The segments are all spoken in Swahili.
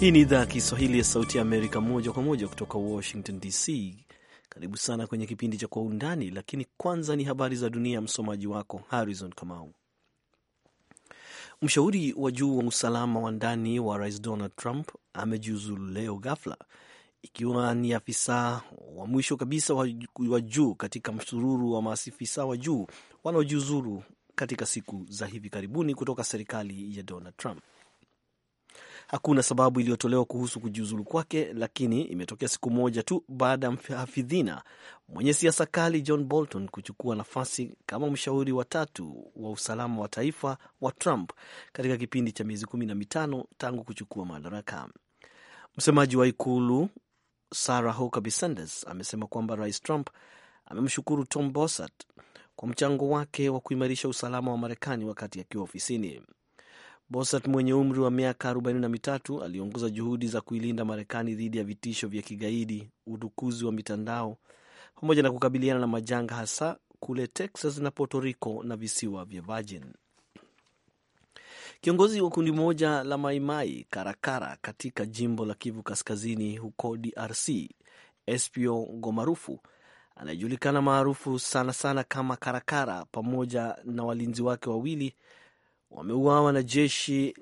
Hii ni idhaa ya Kiswahili ya Sauti ya Amerika, moja kwa moja kutoka Washington DC. Karibu sana kwenye kipindi cha Kwa Undani, lakini kwanza ni habari za dunia. Msomaji wako Harrison Kamau. Mshauri wa juu wa usalama wa ndani wa Rais Donald Trump amejiuzulu leo ghafla, ikiwa ni afisa wa mwisho kabisa wa juu katika msururu wa maafisa wa juu wanaojiuzulu katika siku za hivi karibuni kutoka serikali ya Donald Trump. Hakuna sababu iliyotolewa kuhusu kujiuzulu kwake, lakini imetokea siku moja tu baada ya mhafidhina mwenye siasa kali John Bolton kuchukua nafasi kama mshauri wa tatu wa usalama wa taifa wa Trump katika kipindi cha miezi kumi na mitano tangu kuchukua madaraka. Msemaji wa ikulu Sarah Huckabee Sanders amesema kwamba Rais Trump amemshukuru Tom Bossert kwa mchango wake wa kuimarisha usalama wa Marekani wakati akiwa ofisini. Bosat mwenye umri wa miaka 43 aliongoza juhudi za kuilinda Marekani dhidi ya vitisho vya kigaidi, udukuzi wa mitandao pamoja na kukabiliana na majanga hasa kule Texas na Puerto Rico na visiwa vya Virgin. Kiongozi wa kundi moja la Maimai Karakara katika jimbo la Kivu Kaskazini huko DRC, Espio Gomarufu anayejulikana maarufu sana sana kama Karakara pamoja na walinzi wake wawili wameuawa na jeshi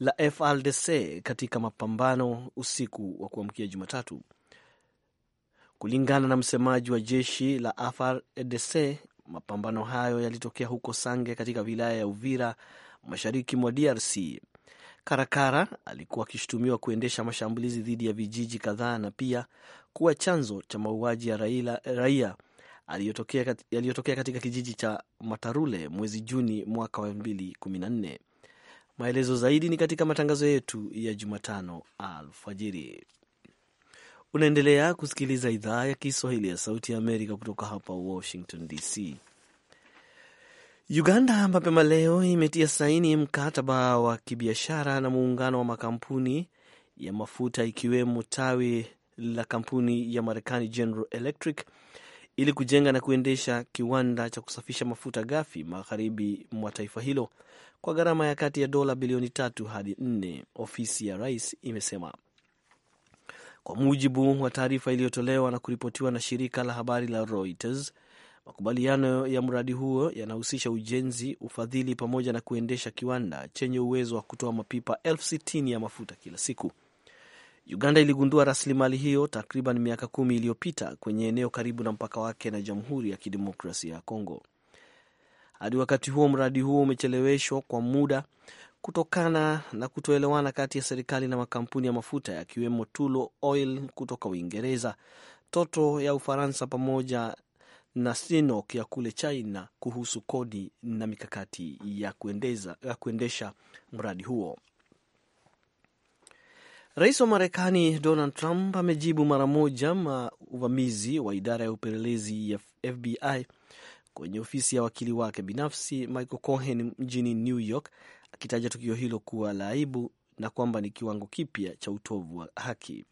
la frdc katika mapambano usiku wa kuamkia Jumatatu, kulingana na msemaji wa jeshi la frdc Mapambano hayo yalitokea huko Sange katika wilaya ya Uvira, mashariki mwa DRC. Karakara alikuwa akishutumiwa kuendesha mashambulizi dhidi ya vijiji kadhaa na pia kuwa chanzo cha mauaji ya raia yaliyotokea katika kijiji cha Matarule mwezi Juni mwaka wa 2014. Maelezo zaidi ni katika matangazo yetu ya Jumatano alfajiri. Unaendelea kusikiliza idhaa ya Kiswahili ya Sauti ya Amerika kutoka hapa Washington DC. Uganda mapema leo imetia saini mkataba wa kibiashara na muungano wa makampuni ya mafuta ikiwemo tawi la kampuni ya Marekani General Electric ili kujenga na kuendesha kiwanda cha kusafisha mafuta ghafi magharibi mwa taifa hilo kwa gharama ya kati ya dola bilioni tatu hadi nne, ofisi ya rais imesema kwa mujibu wa taarifa iliyotolewa na kuripotiwa na shirika la habari la Reuters. Makubaliano ya mradi huo yanahusisha ujenzi, ufadhili pamoja na kuendesha kiwanda chenye uwezo wa kutoa mapipa elfu sitini ya mafuta kila siku. Uganda iligundua rasilimali hiyo takriban miaka kumi iliyopita kwenye eneo karibu na mpaka wake na Jamhuri ya Kidemokrasia ya Kongo. Hadi wakati huo, mradi huo umecheleweshwa kwa muda kutokana na kutoelewana kati ya serikali na makampuni ya mafuta yakiwemo Tullow Oil kutoka Uingereza, Total ya Ufaransa pamoja na Sinopec ya kule China kuhusu kodi na mikakati ya kuendesha mradi huo. Rais wa Marekani Donald Trump amejibu mara moja ma uvamizi wa idara ya upelelezi ya FBI kwenye ofisi ya wakili wake binafsi Michael Cohen mjini New York, akitaja tukio hilo kuwa la aibu na kwamba ni kiwango kipya cha utovu wa haki.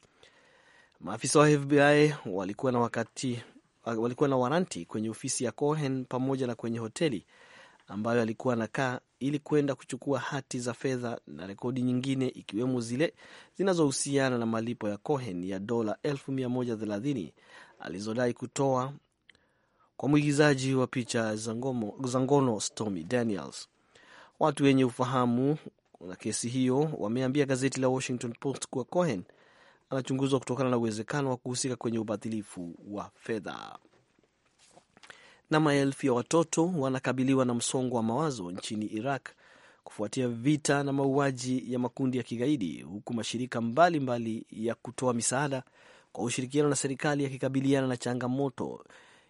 Maafisa wa FBI walikuwa na wakati, walikuwa na waranti kwenye ofisi ya Cohen pamoja na kwenye hoteli ambayo alikuwa anakaa ili kwenda kuchukua hati za fedha na rekodi nyingine ikiwemo zile zinazohusiana na malipo ya Cohen ya dola 130 alizodai kutoa kwa mwigizaji wa picha za ngono Stormy Daniels. Watu wenye ufahamu na kesi hiyo wameambia gazeti la Washington Post kuwa Cohen anachunguzwa kutokana na uwezekano wa kuhusika kwenye ubadhilifu wa fedha na maelfu ya watoto wanakabiliwa na msongo wa mawazo nchini Iraq kufuatia vita na mauaji ya makundi ya kigaidi, huku mashirika mbalimbali mbali ya kutoa misaada kwa ushirikiano na serikali yakikabiliana na changamoto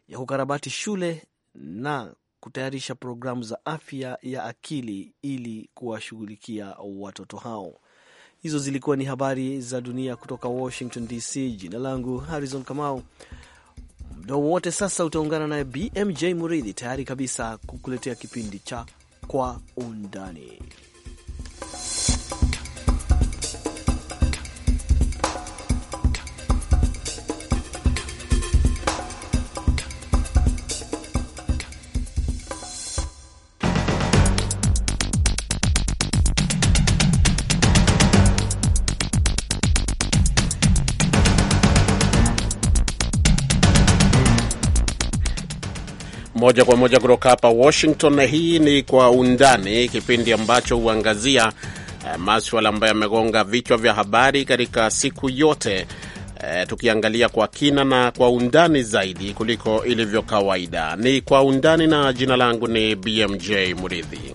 ya kukarabati shule na kutayarisha programu za afya ya akili ili kuwashughulikia watoto hao. Hizo zilikuwa ni habari za dunia kutoka Washington DC. Jina langu Harrison Kamau. Muda wowote sasa utaungana naye BMJ Muridhi, tayari kabisa kukuletea kipindi cha Kwa Undani. Moja kwa moja kutoka hapa Washington, na hii ni Kwa Undani, kipindi ambacho huangazia eh, maswala ambayo yamegonga vichwa vya habari katika siku yote, eh, tukiangalia kwa kina na kwa undani zaidi kuliko ilivyo kawaida. Ni Kwa Undani na jina langu ni BMJ Muridhi.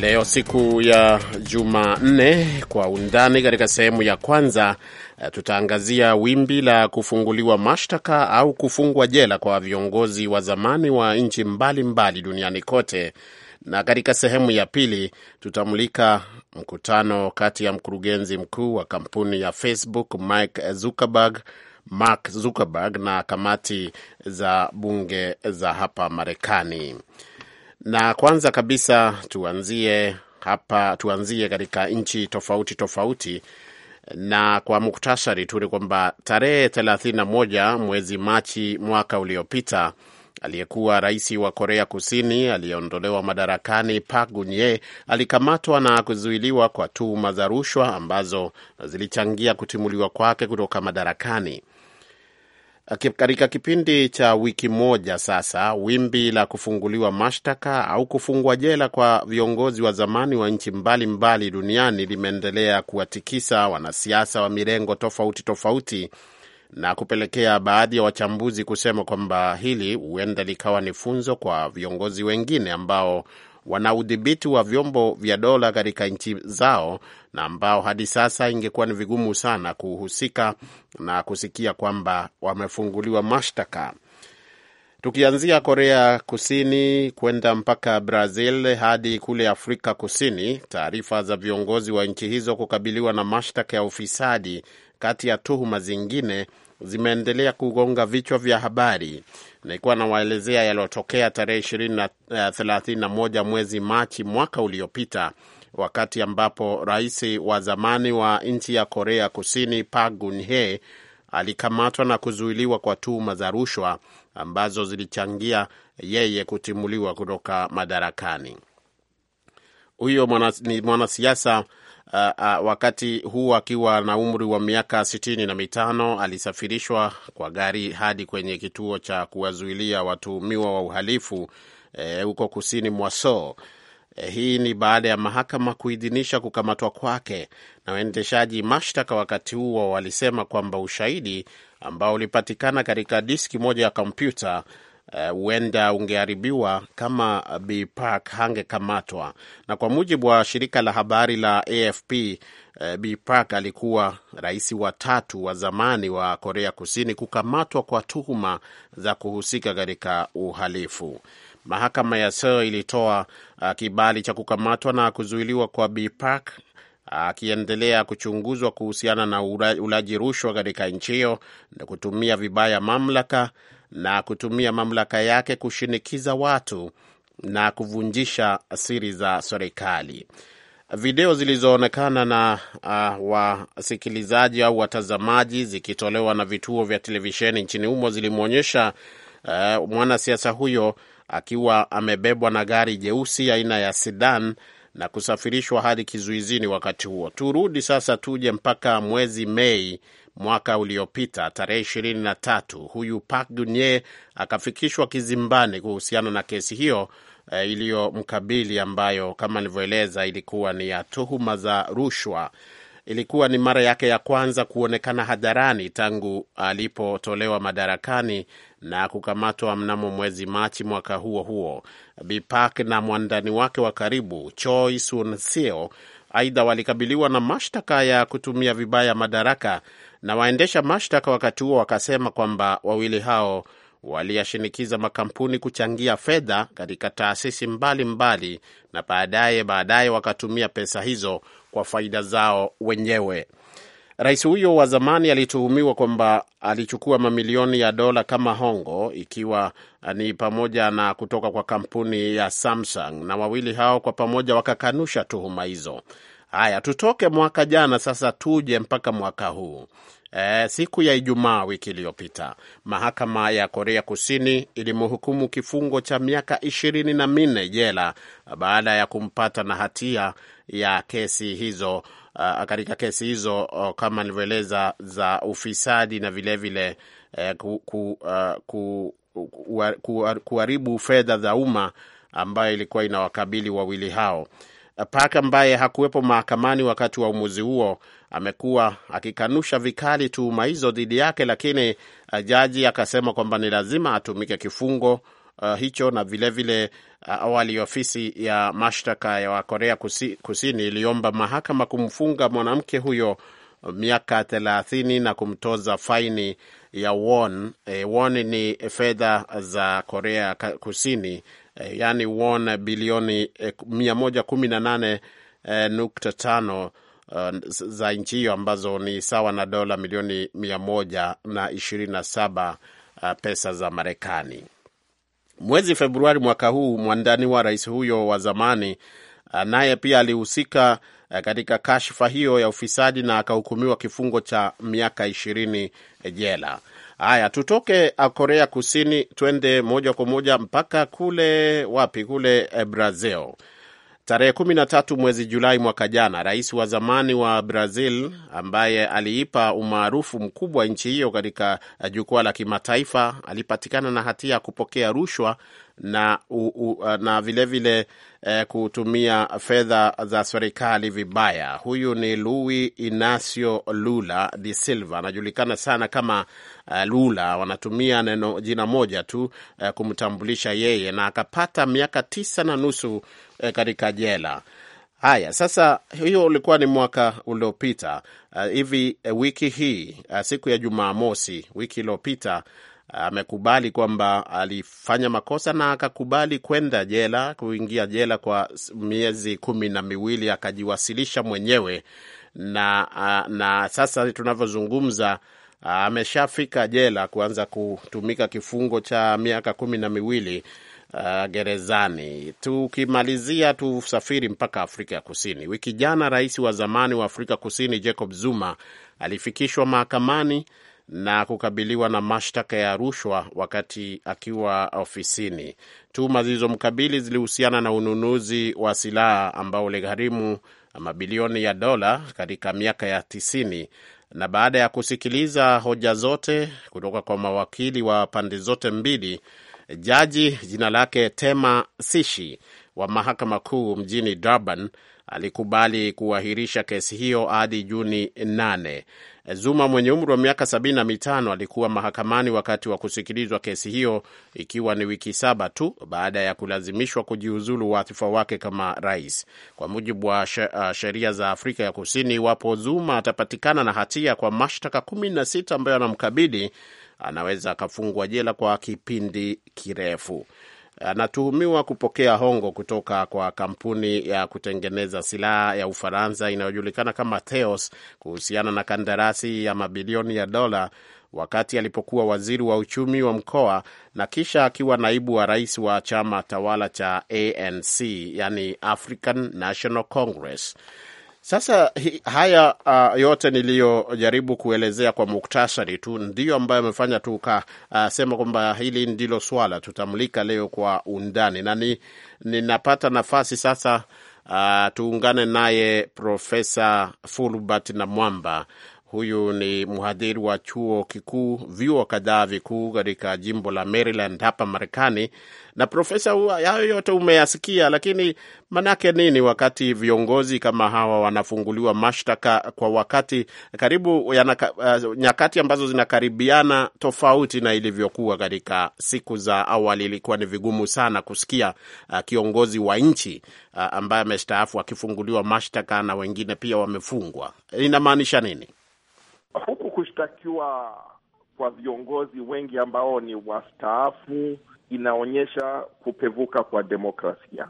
Leo siku ya Jumanne, kwa undani katika sehemu ya kwanza eh, tutaangazia wimbi la kufunguliwa mashtaka au kufungwa jela kwa viongozi wa zamani wa nchi mbalimbali duniani kote, na katika sehemu ya pili tutamulika mkutano kati ya mkurugenzi mkuu wa kampuni ya Facebook Mike Zuckerberg Mark Zuckerberg na kamati za bunge za hapa Marekani. Na kwanza kabisa tuanzie hapa, tuanzie katika nchi tofauti tofauti na kwa muktasari tu ni kwamba tarehe 31 mwezi Machi mwaka uliopita aliyekuwa rais wa Korea Kusini aliyeondolewa madarakani Park Geun-hye alikamatwa na kuzuiliwa kwa tuhuma za rushwa ambazo zilichangia kutimuliwa kwake kutoka madarakani. Katika kipindi cha wiki moja sasa, wimbi la kufunguliwa mashtaka au kufungwa jela kwa viongozi wa zamani wa nchi mbalimbali duniani limeendelea kuwatikisa wanasiasa wa mirengo tofauti tofauti na kupelekea baadhi ya wachambuzi kusema kwamba hili huenda likawa ni funzo kwa viongozi wengine ambao wana udhibiti wa vyombo vya dola katika nchi zao na ambao hadi sasa ingekuwa ni vigumu sana kuhusika na kusikia kwamba wamefunguliwa mashtaka. Tukianzia Korea Kusini kwenda mpaka Brazil hadi kule Afrika Kusini, taarifa za viongozi wa nchi hizo kukabiliwa na mashtaka ya ufisadi, kati ya tuhuma zingine zimeendelea kugonga vichwa vya habari. Nilikuwa nawaelezea yaliyotokea tarehe ishirini na eh, thelathini na moja mwezi Machi mwaka uliopita wakati ambapo rais wa zamani wa nchi ya Korea Kusini Park Geun-hye alikamatwa na kuzuiliwa kwa tuhuma za rushwa ambazo zilichangia yeye kutimuliwa kutoka madarakani. Huyo ni mwanasiasa mwana uh, uh, wakati huu akiwa na umri wa miaka sitini na mitano alisafirishwa kwa gari hadi kwenye kituo cha kuwazuilia watuhumiwa wa uhalifu e, huko eh, kusini mwa Seoul. Hii ni baada ya mahakama kuidhinisha kukamatwa kwake, na waendeshaji mashtaka wakati huo walisema kwamba ushahidi ambao ulipatikana katika diski moja ya kompyuta Eh, huenda uh, ungeharibiwa kama Bi Park hangekamatwa. Na kwa mujibu wa shirika la habari la AFP, uh, eh, Bi Park alikuwa rais wa tatu wa zamani wa Korea Kusini kukamatwa kwa tuhuma za kuhusika katika uhalifu. Mahakama ya Seoul ilitoa uh, kibali cha kukamatwa na kuzuiliwa kwa bpak Park akiendelea kuchunguzwa kuhusiana na ulaji rushwa katika nchi hiyo na kutumia vibaya mamlaka na kutumia mamlaka yake kushinikiza watu na kuvunjisha siri za serikali. Video zilizoonekana na uh, wasikilizaji au watazamaji zikitolewa na vituo vya televisheni nchini humo zilimwonyesha uh, mwanasiasa huyo akiwa amebebwa na gari jeusi aina ya sedan na kusafirishwa hadi kizuizini wakati huo. Turudi sasa, tuje mpaka mwezi Mei mwaka uliopita tarehe ishirini na tatu, huyu Park geun akafikishwa kizimbani kuhusiana na kesi hiyo e, iliyomkabili ambayo kama nilivyoeleza ilikuwa ni ya tuhuma za rushwa. Ilikuwa ni mara yake ya kwanza kuonekana hadharani tangu alipotolewa madarakani na kukamatwa mnamo mwezi Machi mwaka huo huo. Bi Park na mwandani wake wa karibu Choi Soon-sil Aidha, walikabiliwa na mashtaka ya kutumia vibaya madaraka, na waendesha mashtaka wakati huo wakasema kwamba wawili hao waliyashinikiza makampuni kuchangia fedha katika taasisi mbalimbali mbali, na baadaye baadaye wakatumia pesa hizo kwa faida zao wenyewe. Rais huyo wa zamani alituhumiwa kwamba alichukua mamilioni ya dola kama hongo, ikiwa ni pamoja na kutoka kwa kampuni ya Samsung, na wawili hao kwa pamoja wakakanusha tuhuma hizo. Haya, tutoke mwaka jana sasa, tuje mpaka mwaka huu eh, siku ya Ijumaa wiki iliyopita. Mahakama ya Korea Kusini ilimhukumu kifungo cha miaka ishirini na minne jela baada ya kumpata na hatia ya kesi hizo uh, katika kesi hizo uh, kama nilivyoeleza za ufisadi na vilevile vile, eh, ku, ku, uh, ku, kuharibu fedha za umma ambayo ilikuwa inawakabili wawili hao. Park ambaye hakuwepo mahakamani wakati wa uamuzi huo amekuwa akikanusha vikali tuhuma hizo dhidi yake, lakini uh, jaji akasema kwamba ni lazima atumike kifungo uh, hicho na vilevile vile, uh, awali ofisi ya mashtaka ya Korea Kusi, Kusini iliomba mahakama kumfunga mwanamke huyo uh, miaka thelathini na kumtoza faini ya won. E, won ni fedha za Korea Kusini e, yani won bilioni 118.5 Uh, eh, eh, za nchi hiyo ambazo ni sawa na dola milioni 127 pesa za Marekani. Mwezi Februari mwaka huu mwandani wa rais huyo wa zamani naye pia alihusika katika kashfa hiyo ya ufisadi na akahukumiwa kifungo cha miaka ishirini jela. Haya, tutoke uh, Korea Kusini twende moja kwa moja mpaka kule wapi? Kule eh, Brazil. Tarehe kumi na tatu mwezi Julai mwaka jana, rais wa zamani wa Brazil ambaye aliipa umaarufu mkubwa nchi hiyo katika eh, jukwaa la kimataifa alipatikana na hatia ya kupokea rushwa na, u, u, uh, na vile vile eh, kutumia fedha za serikali vibaya. Huyu ni Luis Inacio Lula de Silva, anajulikana sana kama eh, Lula, wanatumia neno jina moja tu eh, kumtambulisha yeye, na akapata miaka tisa na nusu eh, katika jela. Haya, sasa, hiyo ulikuwa ni mwaka uliopita eh, hivi. Uh, uh, wiki hii uh, siku ya Jumamosi wiki iliyopita amekubali kwamba alifanya makosa na akakubali kwenda jela, kuingia jela kwa miezi kumi na miwili, akajiwasilisha mwenyewe na, na sasa tunavyozungumza ameshafika jela kuanza kutumika kifungo cha miaka kumi na miwili uh, gerezani. Tukimalizia tusafiri mpaka Afrika ya Kusini. Wiki jana rais wa zamani wa Afrika Kusini Jacob Zuma alifikishwa mahakamani na kukabiliwa na mashtaka ya rushwa wakati akiwa ofisini. Tuhuma zilizomkabili zilihusiana na ununuzi wa silaha ambao uligharimu mabilioni ya dola katika miaka ya tisini. Na baada ya kusikiliza hoja zote kutoka kwa mawakili wa pande zote mbili, jaji jina lake Tema Sishi wa mahakama kuu mjini Durban alikubali kuahirisha kesi hiyo hadi Juni nane. Zuma mwenye umri wa miaka sabini na mitano alikuwa mahakamani wakati wa kusikilizwa kesi hiyo, ikiwa ni wiki saba tu baada ya kulazimishwa kujiuzulu wadhifa wake kama rais. Kwa mujibu wa uh, sheria za Afrika ya Kusini, iwapo Zuma atapatikana na hatia kwa mashtaka kumi na sita ambayo anamkabili, anaweza akafungwa jela kwa kipindi kirefu anatuhumiwa kupokea hongo kutoka kwa kampuni ya kutengeneza silaha ya Ufaransa inayojulikana kama Theos kuhusiana na kandarasi ya mabilioni ya dola wakati alipokuwa waziri wa uchumi wa mkoa na kisha akiwa naibu wa rais wa chama tawala cha ANC, yani African National Congress. Sasa hi, haya uh, yote niliyojaribu kuelezea kwa muktasari tu ndiyo ambayo amefanya tu ukasema uh, kwamba hili ndilo swala tutamulika leo kwa undani, na ni, ninapata nafasi sasa uh, tuungane naye Profesa Fulbert na Mwamba Huyu ni mhadhiri wa chuo kikuu vyuo kadhaa vikuu katika jimbo la Maryland hapa Marekani. Na profesa, hayo yote umeyasikia, lakini manake nini wakati viongozi kama hawa wanafunguliwa mashtaka kwa wakati karibu yanaka, uh, nyakati ambazo zinakaribiana tofauti na ilivyokuwa katika siku za awali? Ilikuwa ni vigumu sana kusikia uh, kiongozi wa nchi uh, ambaye amestaafu akifunguliwa mashtaka na wengine pia wamefungwa. Inamaanisha nini? huku kushtakiwa kwa viongozi wengi ambao ni wastaafu inaonyesha kupevuka kwa demokrasia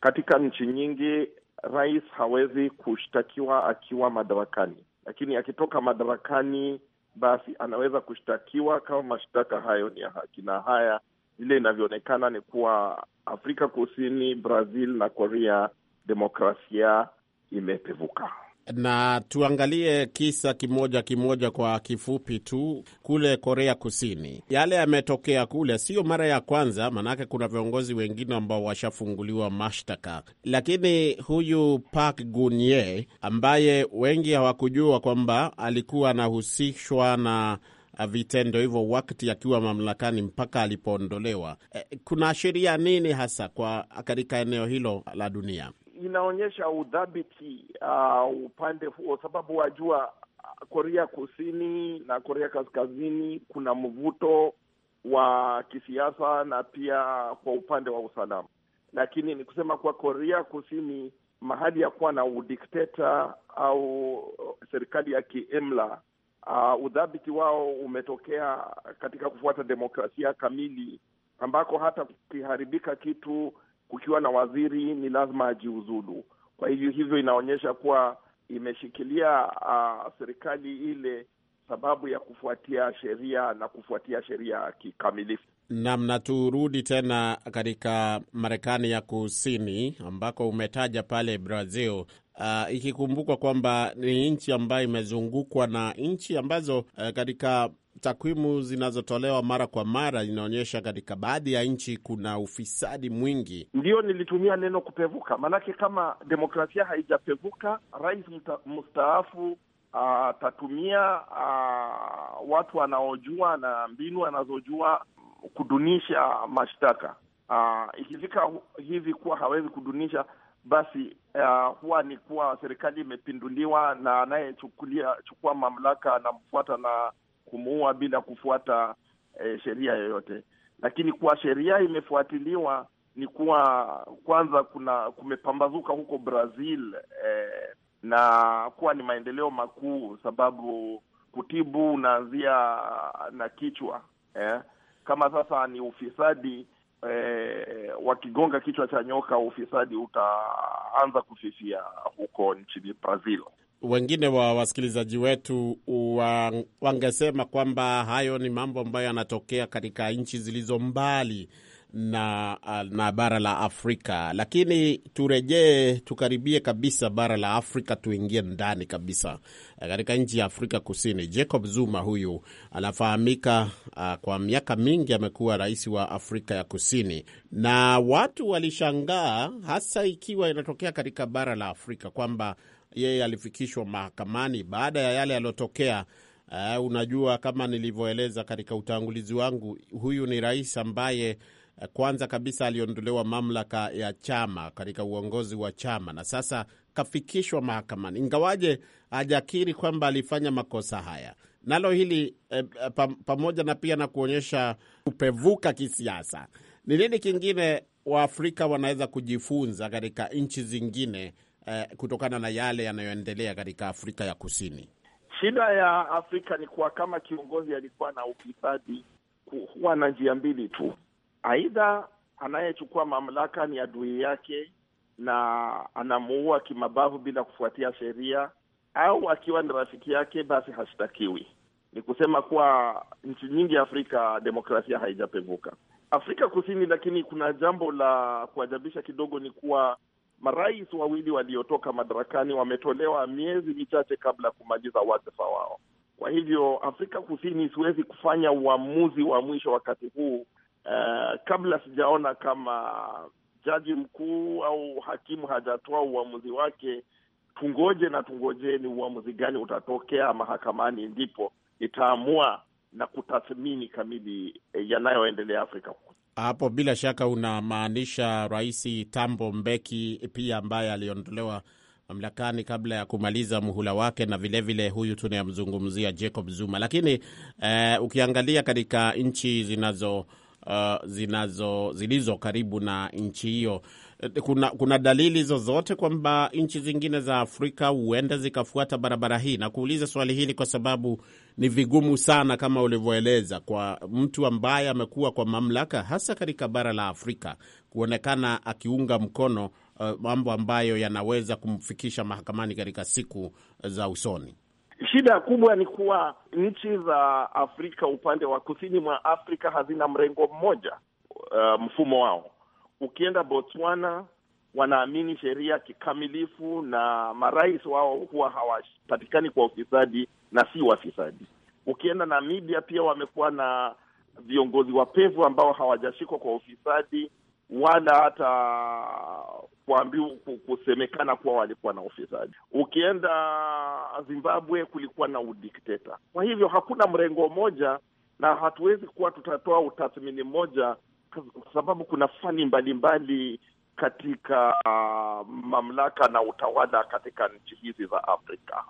katika nchi nyingi. Rais hawezi kushtakiwa akiwa madarakani, lakini akitoka madarakani, basi anaweza kushtakiwa kama mashtaka hayo ni ya haki, na haya vile inavyoonekana ni kuwa Afrika Kusini, Brazil na Korea demokrasia imepevuka na tuangalie kisa kimoja kimoja kwa kifupi tu. Kule Korea Kusini, yale yametokea kule, sio mara ya kwanza, manake kuna viongozi wengine ambao washafunguliwa mashtaka, lakini huyu Park Gunye ambaye wengi hawakujua kwamba alikuwa anahusishwa na vitendo hivyo wakati akiwa mamlakani mpaka alipoondolewa. E, eh, kuna sheria nini hasa kwa katika eneo hilo la dunia? inaonyesha udhabiti uh, upande huo, sababu wajua uh, Korea Kusini na Korea Kaskazini kuna mvuto wa kisiasa na pia kwa upande wa usalama, lakini ni kusema kuwa Korea Kusini mahali ya kuwa na udikteta au serikali ya kiimla uh, udhabiti wao umetokea katika kufuata demokrasia kamili, ambako hata kukiharibika kitu kukiwa na waziri ni lazima ajiuzulu. Kwa hivyo hivyo inaonyesha kuwa imeshikilia uh, serikali ile sababu ya kufuatia sheria na kufuatia sheria kikamilifu. Naam, na turudi tena katika Marekani ya Kusini ambako umetaja pale Brazil. Uh, ikikumbukwa kwamba ni nchi ambayo imezungukwa na nchi ambazo uh, katika takwimu zinazotolewa mara kwa mara inaonyesha katika baadhi ya nchi kuna ufisadi mwingi. Ndiyo, nilitumia neno kupevuka, maanake kama demokrasia haijapevuka, rais mstaafu ah, atatumia uh, watu wanaojua na mbinu anazojua kudunisha mashtaka. Uh, ikifika hivi kuwa hawezi kudunisha basi uh, huwa ni kuwa serikali imepinduliwa na anayechukua mamlaka anamfuata na kumuua bila kufuata eh, sheria yoyote. Lakini kuwa sheria imefuatiliwa ni kuwa kwanza kuna kumepambazuka huko Brazil eh, na kuwa ni maendeleo makuu, sababu kutibu unaanzia na kichwa eh. Kama sasa ni ufisadi eh, wakigonga kichwa cha nyoka, ufisadi utaanza kufifia huko nchini Brazil wengine wa wasikilizaji wetu wangesema kwamba hayo ni mambo ambayo yanatokea katika nchi zilizo mbali na, na bara la Afrika, lakini turejee, tukaribie kabisa bara la Afrika, tuingie ndani kabisa eh, katika nchi ya Afrika Kusini. Jacob Zuma huyu anafahamika ah, kwa miaka mingi amekuwa rais wa Afrika ya Kusini, na watu walishangaa hasa ikiwa inatokea katika bara la Afrika kwamba yeye alifikishwa mahakamani baada ya yale yaliyotokea. Uh, unajua kama nilivyoeleza katika utangulizi wangu, huyu ni rais ambaye eh, kwanza kabisa aliondolewa mamlaka ya chama katika uongozi wa chama na sasa kafikishwa mahakamani, ingawaje hajakiri kwamba alifanya makosa haya. Nalo hili eh, pamoja na pia na kuonyesha kupevuka kisiasa, ni nini kingine Waafrika wanaweza kujifunza katika nchi zingine eh, kutokana na yale yanayoendelea katika Afrika ya Kusini? Shida ya Afrika ni kuwa kama kiongozi alikuwa na ufisadi, huwa na njia mbili tu, aidha anayechukua mamlaka ni adui yake na anamuua kimabavu bila kufuatia sheria, au akiwa ni rafiki yake basi hashtakiwi. Ni kusema kuwa nchi nyingi Afrika demokrasia haijapevuka. Afrika Kusini, lakini kuna jambo la kuajabisha kidogo, ni kuwa marais wawili waliotoka madarakani wametolewa miezi michache kabla ya kumaliza wadhifa wao. Kwa hivyo Afrika Kusini, siwezi kufanya uamuzi wa mwisho wakati huu uh, kabla sijaona kama jaji mkuu au hakimu hajatoa uamuzi wake. Tungoje na tungoje ni uamuzi gani utatokea mahakamani, ndipo itaamua na kutathmini kamili eh, yanayoendelea Afrika Kusini. Hapo bila shaka unamaanisha Rais Tambo Mbeki pia ambaye aliondolewa mamlakani kabla ya kumaliza muhula wake na vilevile vile huyu tunayemzungumzia Jacob Zuma. Lakini eh, ukiangalia katika nchi zinazo uh, zinazo zilizo karibu na nchi hiyo Eh, kuna, kuna dalili zozote kwamba nchi zingine za Afrika huenda zikafuata barabara hii? Na kuuliza swali hili kwa sababu ni vigumu sana kama ulivyoeleza kwa mtu ambaye amekuwa kwa mamlaka hasa katika bara la Afrika kuonekana akiunga mkono uh, mambo ambayo yanaweza kumfikisha mahakamani katika siku eh, za usoni. Shida kubwa ni kuwa nchi za Afrika upande wa kusini mwa Afrika hazina mrengo mmoja, uh, mfumo wao Ukienda Botswana wanaamini sheria kikamilifu, na marais wao huwa hawapatikani kwa ufisadi na si wafisadi. Ukienda Namibia pia wamekuwa na viongozi wapevu ambao hawajashikwa kwa ufisadi wala hata kuambiwa kusemekana kuwa walikuwa na ufisadi. Ukienda Zimbabwe kulikuwa na udikteta. Kwa hivyo hakuna mrengo mmoja, na hatuwezi kuwa tutatoa utathmini mmoja kwa sababu kuna fani mbalimbali katika uh, mamlaka na utawala katika nchi hizi za Afrika.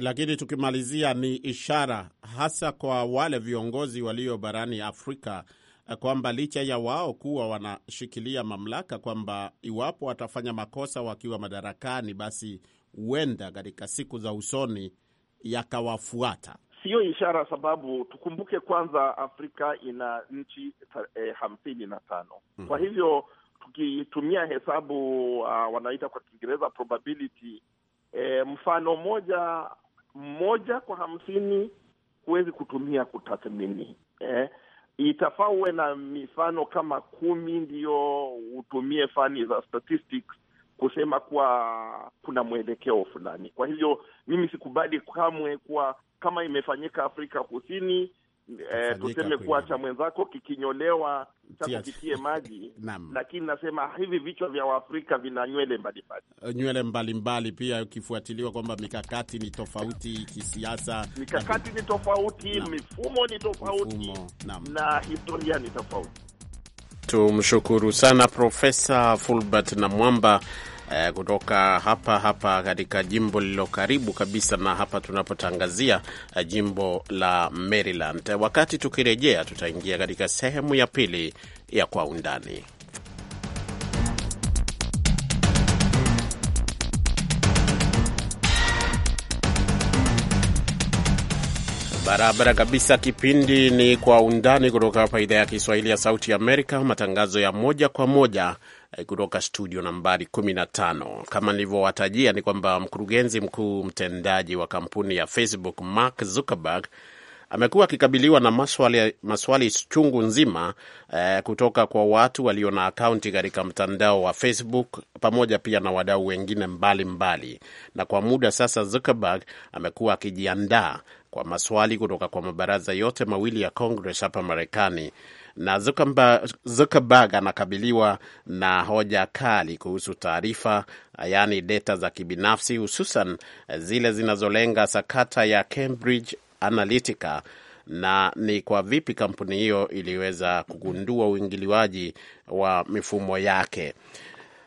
Lakini tukimalizia, ni ishara hasa kwa wale viongozi walio barani Afrika eh, kwamba licha ya wao kuwa wanashikilia mamlaka, kwamba iwapo watafanya makosa wakiwa madarakani, basi huenda katika siku za usoni yakawafuata siyo ishara, sababu tukumbuke kwanza Afrika ina nchi e, hamsini na tano mm -hmm. Kwa hivyo tukitumia hesabu uh, wanaita kwa Kiingereza probability e, mfano moja mmoja kwa hamsini huwezi kutumia kutathmini eh, itafaa uwe na mifano kama kumi ndiyo utumie fani za statistics kusema kuwa kuna mwelekeo fulani. Kwa hivyo mimi sikubali kamwe kuwa kama imefanyika Afrika Kusini eh, tuseme kuwa cha mwenzako kikinyolewa cha kupitie maji lakini nasema hivi vichwa vya Waafrika vina nywele mbalimbali, eh, nywele mbalimbali pia, ukifuatiliwa kwamba mikakati ni tofauti kisiasa, mikakati ni tofauti, mifumo ni tofauti, mifumo na historia ni tofauti. Tumshukuru sana Profesa Fulbert na Mwamba eh, kutoka hapa hapa katika jimbo lililo karibu kabisa na hapa tunapotangazia, eh, jimbo la Maryland. Eh, wakati tukirejea, tutaingia katika sehemu ya pili ya kwa undani. Barabara kabisa. Kipindi ni Kwa Undani kutoka hapa idhaa ya Kiswahili ya Sauti ya Amerika, matangazo ya moja kwa moja Eh, kutoka studio nambari 15. Kama nilivyowatajia, ni kwamba mkurugenzi mkuu mtendaji wa kampuni ya Facebook Mark Zuckerberg amekuwa akikabiliwa na maswali, maswali chungu nzima eh, kutoka kwa watu walio na akaunti katika mtandao wa Facebook pamoja pia na wadau wengine mbalimbali mbali. Na kwa muda sasa Zuckerberg amekuwa akijiandaa kwa maswali kutoka kwa mabaraza yote mawili ya Congress hapa Marekani na Zuckerberg anakabiliwa na hoja kali kuhusu taarifa, yaani data za kibinafsi, hususan zile zinazolenga sakata ya Cambridge Analytica na ni kwa vipi kampuni hiyo iliweza kugundua uingiliwaji wa mifumo yake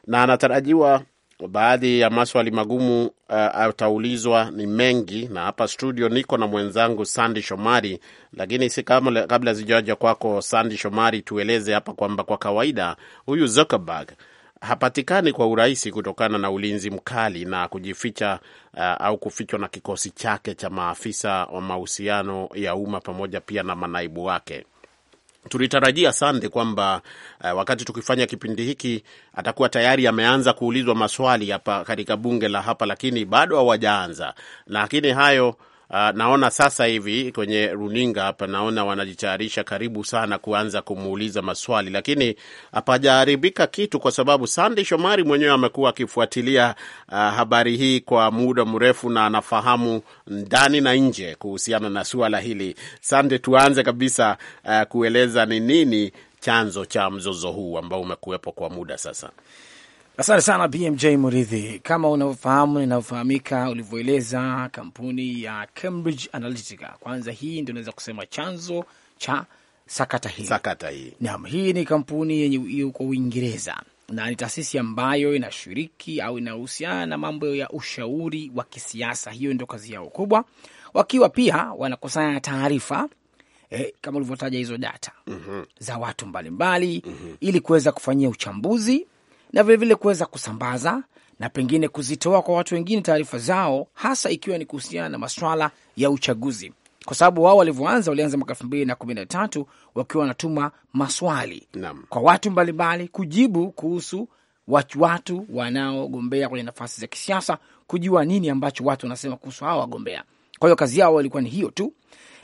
na anatarajiwa baadhi ya maswali magumu uh, ataulizwa ni mengi, na hapa studio niko na mwenzangu Sandi Shomari. Lakini si kabla, kabla zijaja kwako Sandi Shomari, tueleze hapa kwamba kwa kawaida huyu Zuckerberg hapatikani kwa urahisi kutokana na ulinzi mkali na kujificha uh, au kufichwa na kikosi chake cha maafisa wa mahusiano ya umma pamoja pia na manaibu wake tulitarajia Sande kwamba uh, wakati tukifanya kipindi hiki atakuwa tayari ameanza kuulizwa maswali hapa katika bunge la hapa, lakini bado hawajaanza. Lakini hayo Uh, naona sasa hivi kwenye runinga hapa naona wanajitayarisha karibu sana kuanza kumuuliza maswali, lakini hapajaharibika kitu, kwa sababu Sandey Shomari mwenyewe amekuwa akifuatilia uh, habari hii kwa muda mrefu na anafahamu ndani na nje kuhusiana na suala hili. Sande, tuanze kabisa uh, kueleza ni nini chanzo cha mzozo huu ambao umekuwepo kwa muda sasa. Asante sana BMJ Muridhi. Kama unavyofahamu, inavyofahamika, ulivyoeleza, kampuni ya Cambridge Analytica, kwanza hii ndio naweza kusema chanzo cha sakata hii, sakata hii. Naam, hii ni kampuni yenye kwa Uingereza na ni taasisi ambayo inashiriki au inahusiana na mambo ya ushauri wa kisiasa. Hiyo ndio kazi yao kubwa, wakiwa pia wanakusanya taarifa eh, kama ulivyotaja hizo data mm -hmm. za watu mbalimbali mbali, mm -hmm. ili kuweza kufanyia uchambuzi na vilevile kuweza kusambaza na pengine kuzitoa kwa watu wengine taarifa zao, hasa ikiwa ni kuhusiana na maswala ya uchaguzi, kwa sababu wao walivyoanza, walianza mwaka elfu mbili na kumi na tatu wakiwa wanatuma maswali Naam. kwa watu mbalimbali kujibu kuhusu watu wanaogombea kwenye nafasi za kisiasa, kujua nini ambacho watu wanasema kuhusu hawa wagombea. Kwa hiyo kazi yao walikuwa ni hiyo tu,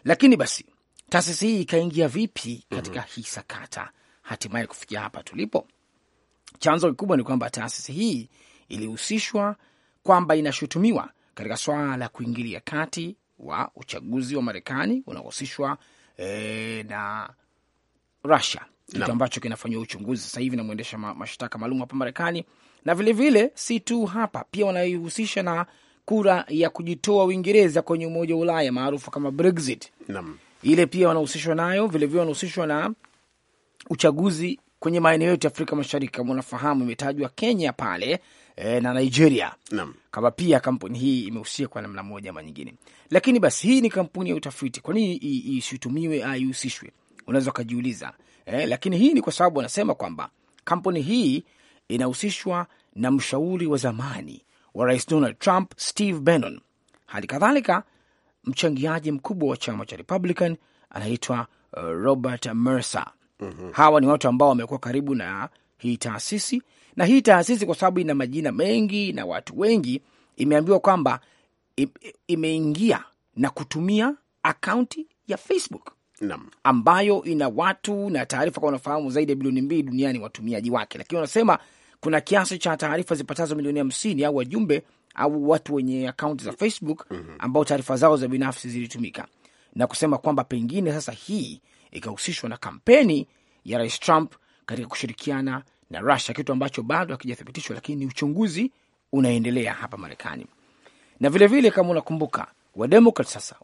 lakini basi taasisi hii ikaingia vipi katika mm -hmm. hii sakata hatimaye kufikia hapa tulipo? Chanzo kikubwa ni kwamba taasisi hii ilihusishwa kwamba inashutumiwa katika swala la kuingilia kati wa uchaguzi wa Marekani unaohusishwa e, na Rusia, kitu ambacho kinafanyiwa uchunguzi sasa hivi na mwendesha mashtaka maalum hapa Marekani, na vilevile si tu hapa, pia wanaihusisha na kura ya kujitoa Uingereza kwenye Umoja wa Ulaya maarufu kama Brexit. Naam. Ile pia wanahusishwa nayo vilevile, wanahusishwa na uchaguzi kwenye maeneo yetu ya Afrika Mashariki, kama unafahamu, imetajwa Kenya pale e, na Nigeria naam, kama pia kampuni hii imehusia kwa namna moja ama nyingine. Lakini basi hii ni kampuni ya utafiti, kwa nini isitumiwe ihusishwe? Unaweza ukajiuliza e, lakini hii ni kwa sababu wanasema kwamba kampuni hii inahusishwa na mshauri wa zamani wa Rais Donald Trump, Steve Bannon, hali kadhalika mchangiaji mkubwa wa chama cha Republican anaitwa uh, Robert Mercer -hmm. Hawa ni watu ambao wamekuwa karibu na hii taasisi, na hii taasisi kwa sababu ina majina mengi na watu wengi, imeambiwa kwamba imeingia na kutumia akaunti ya Facebook Nam. ambayo ina watu na taarifa, kwa unafahamu, zaidi ya bilioni mbili duniani watumiaji wake, lakini wanasema kuna kiasi cha taarifa zipatazo milioni hamsini au wajumbe au watu wenye akaunti za Facebook mm-hmm. ambao taarifa zao za binafsi zilitumika, na kusema kwamba pengine sasa hii ikahusishwa na kampeni ya Rais Trump katika kushirikiana na rusia kitu ambacho bado hakijathibitishwa, lakini uchunguzi unaendelea hapa Marekani. Na vilevile kama unakumbuka, Wademokrat sasa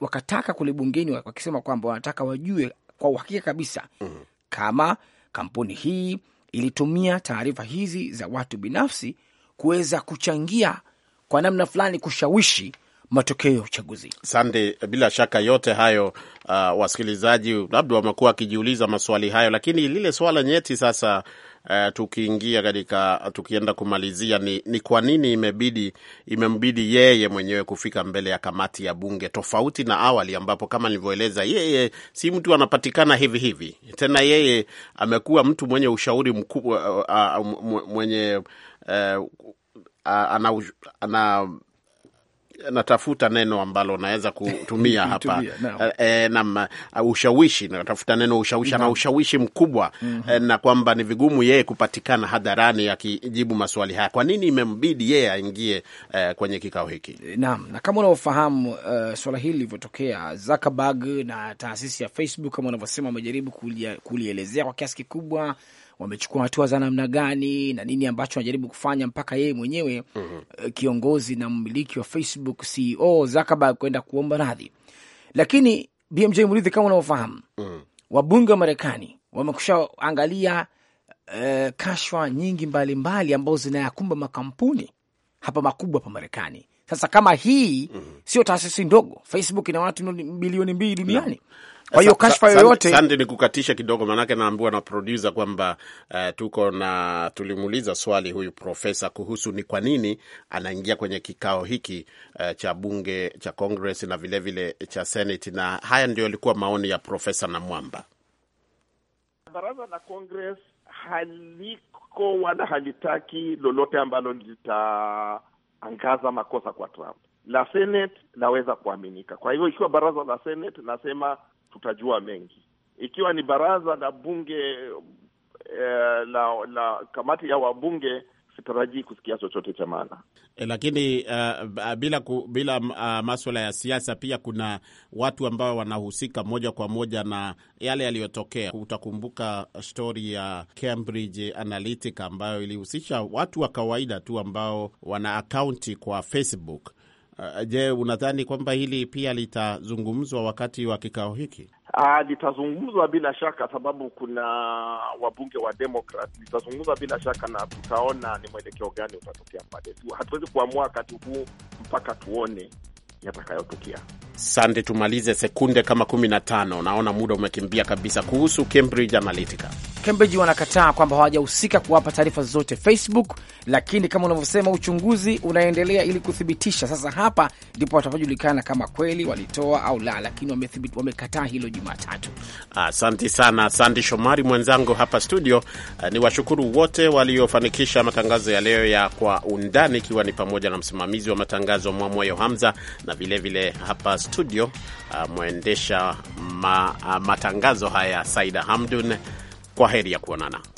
wakataka kule bungeni wakisema kwamba wanataka wajue kwa uhakika kabisa mm. kama kampuni hii ilitumia taarifa hizi za watu binafsi kuweza kuchangia kwa namna fulani kushawishi matokeo ya uchaguzi. Sande, bila shaka yote hayo uh, wasikilizaji labda wamekuwa wakijiuliza maswali hayo, lakini lile swala nyeti sasa Uh, tukiingia katika tukienda kumalizia ni, ni kwa nini imebidi imembidi yeye mwenyewe kufika mbele ya kamati ya bunge tofauti na awali, ambapo kama nilivyoeleza, yeye si mtu anapatikana hivi hivi. Tena yeye amekuwa mtu mwenye ushauri mkubwa, uh, uh, uh, mwenye uh, uh ana, ana natafuta neno ambalo naweza kutumia hapa E, na eh, eh, uh, ushawishi, natafuta neno ushawishi, ana ushawishi mkubwa mm -hmm. na kwamba ni vigumu yeye kupatikana hadharani akijibu maswali haya. Kwa nini imembidi yeye aingie e, kwenye kikao hiki? Naam, na kama unavyofahamu uh, swala hili lilivyotokea, Zuckerberg na taasisi ya Facebook kama unavyosema wamejaribu kulielezea kwa kiasi kikubwa wamechukua hatua za namna gani na nini ambacho wanajaribu kufanya, mpaka yeye mwenyewe mm -hmm. kiongozi na mmiliki wa Facebook CEO Zuckerberg kwenda kuomba radhi. Lakini BMJ Murithi, kama unavyofahamu mm -hmm. wabunge wa Marekani wamekusha angalia uh, eh, kashwa nyingi mbalimbali ambazo zinayakumba makampuni hapa makubwa hapa Marekani. Sasa kama hii mm -hmm. sio taasisi ndogo, Facebook ina watu bilioni mbili duniani yeah. Kwa hiyo kashfa yoyote. Sande, ni kukatisha kidogo, maanake naambiwa na producer kwamba uh, tuko na tulimuuliza swali huyu profesa kuhusu ni kwa nini anaingia kwenye kikao hiki uh, cha bunge cha Congress na vilevile vile cha Senate, na haya ndio yalikuwa maoni ya profesa Namwamba. Baraza la Congress haliko wala halitaki lolote ambalo litaangaza makosa kwa Trump. La Senate laweza kuaminika. Kwa hivyo ikiwa baraza la Senate nasema tutajua mengi, ikiwa ni baraza la bunge e, la, la kamati ya wabunge sitarajii kusikia chochote cha maana e, lakini uh, bila ku, bila uh, maswala ya siasa pia kuna watu ambao wanahusika moja kwa moja na yale yaliyotokea. Utakumbuka stori ya Cambridge Analytica ambayo ilihusisha watu wa kawaida tu ambao wana akaunti kwa Facebook Uh, je, unadhani kwamba hili pia litazungumzwa wakati wa kikao hiki? Uh, litazungumzwa bila shaka, sababu kuna wabunge wa demokrat Litazungumzwa bila shaka, na tutaona ni mwelekeo gani utatokea pale. Hatuwezi kuamua wakati huu mpaka tuone yatakayotukia. Sande, tumalize sekunde kama 15, naona muda umekimbia kabisa. Kuhusu Cambridge Analytica, Cambridge wanakataa kwamba hawajahusika kuwapa taarifa zote Facebook, lakini kama unavyosema uchunguzi unaendelea ili kuthibitisha. Sasa hapa ndipo watakajulikana kama kweli walitoa au la, lakini wamekataa hilo Jumatatu. Asante sana Sande Shomari mwenzangu hapa studio. A, eh, ni washukuru wote waliofanikisha matangazo ya leo ya Kwa Undani, ikiwa ni pamoja na msimamizi wa matangazo Mwamoyo Hamza na na vilevile vile hapa studio uh, mwendesha ma, uh, matangazo haya Saida Hamdun. Kwa heri ya kuonana.